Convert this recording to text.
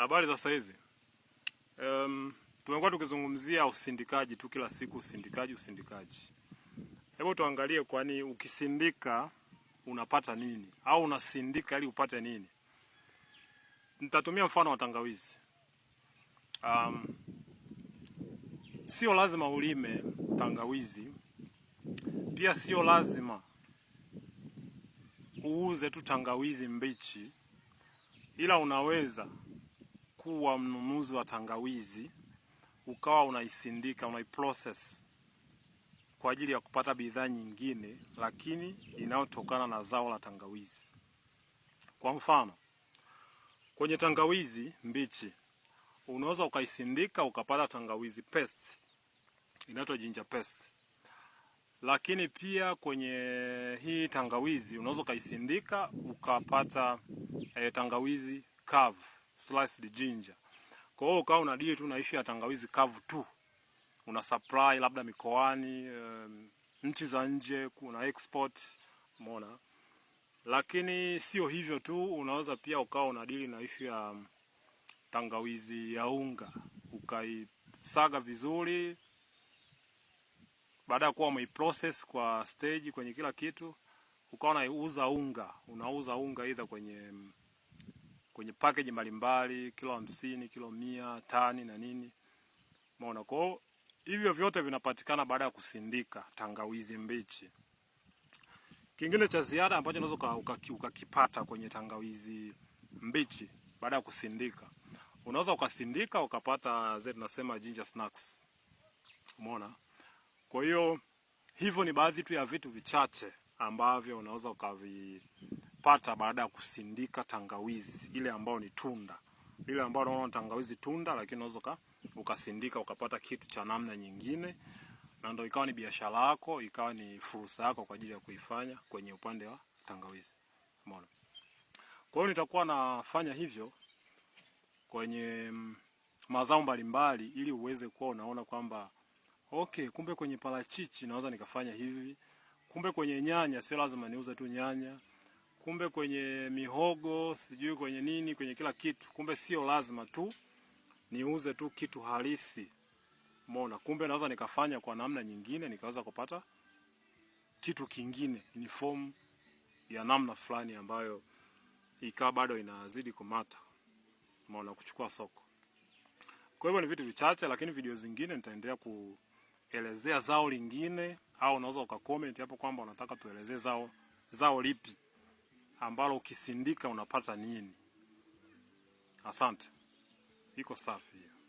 Habari za saizi. Um, tumekuwa tukizungumzia usindikaji tu kila siku, usindikaji, usindikaji. Hebu tuangalie, kwani ukisindika unapata nini, au unasindika ili upate nini? Nitatumia mfano wa tangawizi. Um, sio lazima ulime tangawizi, pia sio lazima uuze tu tangawizi mbichi, ila unaweza kuwa mnunuzi wa tangawizi ukawa unaisindika unaiprocess kwa ajili ya kupata bidhaa nyingine, lakini inayotokana na zao la tangawizi. Kwa mfano, kwenye tangawizi mbichi unaweza ukaisindika ukapata tangawizi paste inaitwa ginger paste, lakini pia kwenye hii tangawizi unaweza ukaisindika ukapata eh, tangawizi kavu sliced ginger. Kwa hiyo ukawa una deal tu na issue ya tangawizi kavu tu, una supply labda mikoani, um, nchi za nje, kuna export, umeona. Lakini sio hivyo tu, unaweza pia ukawa una deal na issue ya tangawizi ya unga, ukaisaga vizuri baada ya kuwa umeiprocess kwa stage kwenye kila kitu, ukawa unauza unga, unauza unga aidha kwenye kwenye package mbalimbali, kilo hamsini, kilo mia, tani na nini. Umeona? Kwa hivyo vyote vinapatikana baada ya kusindika tangawizi mbichi. Kingine cha ziada ambacho unaweza ukakipata kwenye tangawizi mbichi baada ya kusindika, unaweza ukasindika ukapata zile tunasema ginger snacks. Umeona? Kwa hiyo hivyo ni baadhi tu ya vitu vichache ambavyo unaweza ukavi kupata baada ya kusindika tangawizi ile ambayo ni tunda ile ambayo unaona tangawizi tunda, lakini unaweza ukasindika ukapata kitu cha namna nyingine, na ndio ikawa ni biashara yako, ikawa ni fursa yako kwa ajili ya kuifanya kwenye upande wa tangawizi. Umeona? Kwa hiyo nitakuwa nafanya hivyo kwenye mm, mazao mbalimbali, ili uweze kuwa unaona kwamba okay, kumbe kwenye parachichi naweza nikafanya hivi, kumbe kwenye nyanya sio lazima niuze tu nyanya kumbe kwenye mihogo sijui kwenye nini kwenye kila kitu, kumbe sio lazima tu niuze tu kitu halisi. Umeona, kumbe naweza nikafanya kwa namna nyingine nikaweza kupata kitu kingine ni form ya namna fulani ambayo ikawa bado inazidi kumata, umeona, kuchukua soko. Kwa hivyo ni vitu vichache, lakini video zingine nitaendelea kuelezea zao lingine, au unaweza ukakomenti hapo kwamba unataka tuelezee zao zao lipi ambalo ukisindika unapata nini? Asante, iko safi hiyo.